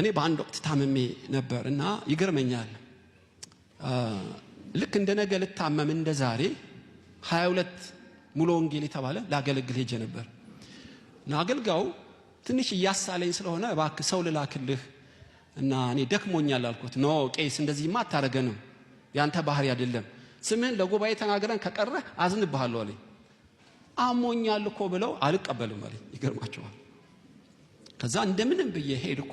እኔ በአንድ ወቅት ታመሜ ነበር እና ይገርመኛል። ልክ እንደ ነገ ልታመም እንደ ዛሬ ሀያ ሁለት ሙሉ ወንጌል የተባለ ላገለግል ሄጀ ነበር እና አገልጋው ትንሽ እያሳለኝ ስለሆነ ባክ ሰው ልላክልህ እና እኔ ደክሞኛል አልኩት። ኖ ቄስ፣ እንደዚህማ አታረገንም፣ ያንተ ባህሪ አይደለም። ስምህን ለጉባኤ ተናግረን ከቀረ አዝንብሃለሁ አለኝ። አሞኛል እኮ ብለው አልቀበልም አለኝ። ይገርማቸዋል። ከዛ እንደምንም ብዬ ሄድኩ።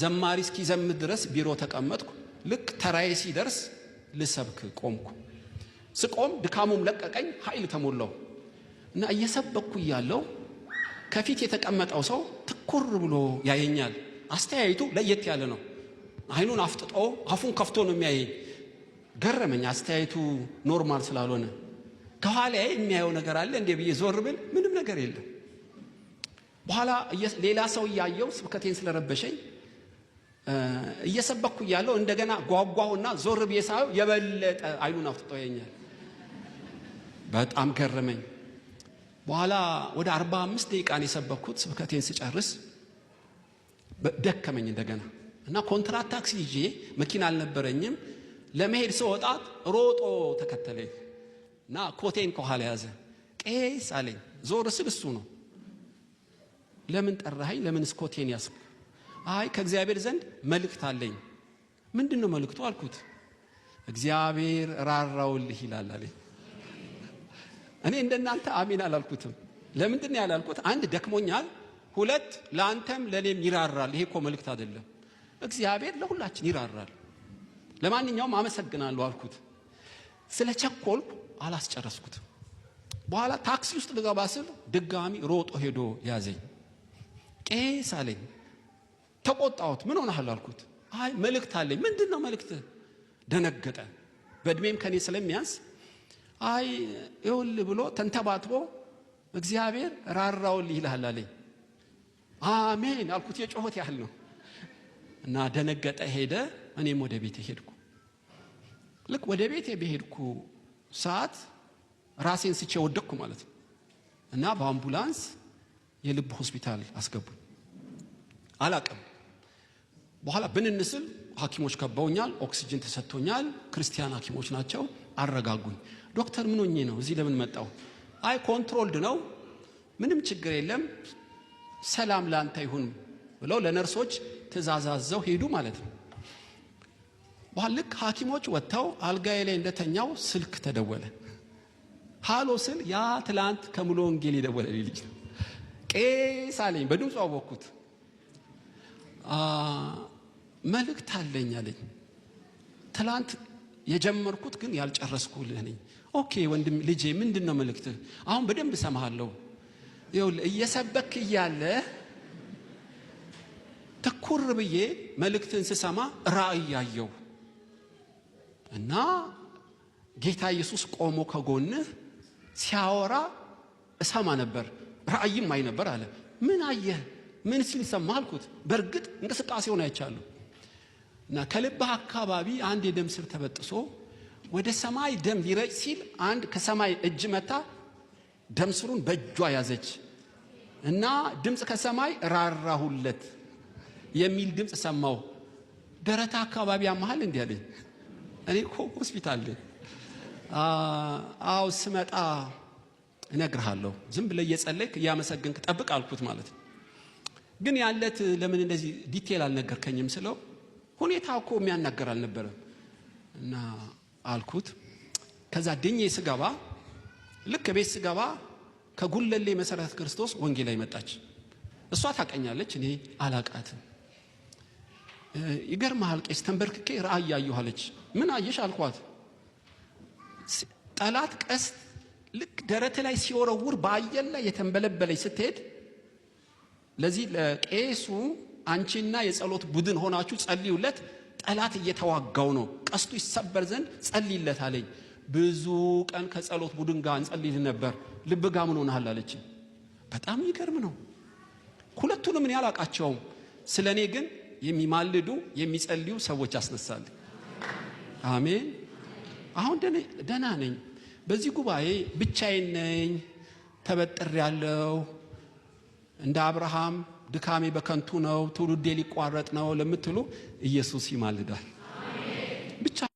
ዘማሪ እስኪዘምት ድረስ ቢሮ ተቀመጥኩ። ልክ ተራዬ ሲደርስ ልሰብክ ቆምኩ። ስቆም ድካሙም ለቀቀኝ፣ ኃይል ተሞላው እና እየሰበኩ እያለው ከፊት የተቀመጠው ሰው ትኩር ብሎ ያየኛል። አስተያየቱ ለየት ያለ ነው። አይኑን አፍጥጦ አፉን ከፍቶ ነው የሚያየኝ። ገረመኝ፣ አስተያየቱ ኖርማል ስላልሆነ። ከኋላ የሚያየው ነገር አለ እንዴ ብዬ ዞር ብል ምንም ነገር የለም። በኋላ ሌላ ሰው እያየው ስብከቴን ስለረበሸኝ እየሰበኩ እያለው እንደገና ጓጓውና ዞር ብዬ ሳየው የበለጠ አይኑን አፍጥጦ ያኛል በጣም ገረመኝ። በኋላ ወደ አርባ አምስት ደቂቃን የሰበኩት ስብከቴን ስጨርስ ደከመኝ እንደገና እና ኮንትራት ታክሲ ይዤ መኪና አልነበረኝም። ለመሄድ ወጣት ሮጦ ተከተለኝ እና ኮቴን ከኋላ ያዘ። ቄስ አለኝ። ዞር ስል እሱ ነው። ለምን ጠራኸኝ? ለምን ስኮቴን ያስኩ አይ ከእግዚአብሔር ዘንድ መልእክት አለኝ። ምንድን ነው መልእክቱ አልኩት። እግዚአብሔር ራራውልህ ይላል አለኝ። እኔ እንደናንተ አሜን አላልኩትም። ለምንድን ነው ያላልኩት? አንድ ደክሞኛል፣ ሁለት ለአንተም ለእኔም ይራራል። ይሄ እኮ መልእክት አይደለም። እግዚአብሔር ለሁላችን ይራራል። ለማንኛውም አመሰግናለሁ አልኩት። ስለ ቸኮልኩ አላስጨረስኩትም። በኋላ ታክሲ ውስጥ ልገባ ስል ድጋሚ ሮጦ ሄዶ ያዘኝ። ቄስ አለኝ። ተቆጣሁት። ምን ሆነሃል አልኩት። አይ መልእክት አለኝ። ምንድን ነው መልእክትህ? ደነገጠ። በእድሜም ከኔ ስለሚያንስ አይ ይኸውልህ ብሎ ተንተባትቦ እግዚአብሔር ራራውል ይልሃል አለኝ። አሜን አልኩት። የጮኸት ያህል ነው እና ደነገጠ፣ ሄደ። እኔም ወደ ቤቴ ሄድኩ። ልክ ወደ ቤቴ በሄድኩ ሰዓት ራሴን ስቼ ወደቅኩ ማለት ነው እና በአምቡላንስ የልብ ሆስፒታል አስገቡኝ። አላቅም በኋላ ብንንስል ሐኪሞች ከበውኛል፣ ኦክሲጅን ተሰጥቶኛል። ክርስቲያን ሐኪሞች ናቸው። አረጋጉኝ። ዶክተር ምን ሆኜ ነው እዚህ ለምን መጣው? አይ ኮንትሮልድ ነው፣ ምንም ችግር የለም፣ ሰላም ለአንተ ይሁን ብለው ለነርሶች ትእዛዛዘው ሄዱ ማለት ነው። በኋላ ልክ ሐኪሞች ወጥተው አልጋዬ ላይ እንደተኛው ስልክ ተደወለ። ሃሎ ስል ያ ትላንት ከሙሉ ወንጌል የደወለ ልጅ ነው። ቄስ አለኝ። በድምፁ አወቅኩት። መልእክት አለኝ አለኝ። ትላንት የጀመርኩት ግን ያልጨረስኩልህ ነኝ። ኦኬ ወንድም ልጄ ምንድን ነው መልእክትህ? አሁን በደንብ እሰማሃለሁ። ይውል እየሰበክ እያለ ትኩር ብዬ መልእክትን ስሰማ ራእይ ያየው እና ጌታ ኢየሱስ ቆሞ ከጎንህ ሲያወራ እሰማ ነበር፣ ራእይም አይ ነበር አለ። ምን አየህ? ምን ሲል ሰማህ አልኩት። በእርግጥ እንቅስቃሴውን አይቻለሁ። እና ከልብህ አካባቢ አንድ የደም ስር ተበጥሶ ወደ ሰማይ ደም ሊረጭ ሲል አንድ ከሰማይ እጅ መታ ደም ስሩን በእጇ ያዘች እና ድምፅ ከሰማይ ራራሁለት የሚል ድምፅ ሰማው ደረታ አካባቢ ያመሃል እንዲህ አለኝ። እኔ እኮ ሆስፒታል አው ስመጣ እነግርሃለሁ። ዝም ብለ እየጸለይክ እያመሰገንክ ጠብቅ አልኩት ማለት ነው። ግን ያለት ለምን እንደዚህ ዲቴል አልነገርከኝም ስለው ሁኔታ እኮ የሚያናገር አልነበረም። እና አልኩት። ከዛ ድኜ ስገባ ልክ ቤት ስገባ ከጉለሌ መሰረተ ክርስቶስ ላይ መጣች። እሷ ታቀኛለች፣ እኔ አላቃትም። ይገርምሃል ቄስ፣ ተንበርክኬ ራእይ እያየኋለች ምን አየሽ አልኳት። ጠላት ቀስ ልክ ደረት ላይ ሲወረውር በአየር ላይ የተንበለበለች ስትሄድ ለዚህ ለቄሱ አንቺና የጸሎት ቡድን ሆናችሁ ጸልዩለት፣ ጠላት እየተዋጋው ነው፣ ቀስቱ ይሰበር ዘንድ ጸልይለት አለኝ። ብዙ ቀን ከጸሎት ቡድን ጋር እንጸልይ ነበር። ልብ ጋ ምን ሆነሃል አለች በጣም ይገርም ነው። ሁለቱንም እኔ አላቃቸውም። ስለ እኔ ግን የሚማልዱ የሚጸልዩ ሰዎች አስነሳል አሜን። አሁን ደህና ነኝ። በዚህ ጉባኤ ብቻዬን ነኝ። ተበጥር ያለው እንደ አብርሃም ድካሜ በከንቱ ነው፣ ትውልዴ ሊቋረጥ ነው ለምትሉ ኢየሱስ ይማልዳል ብቻ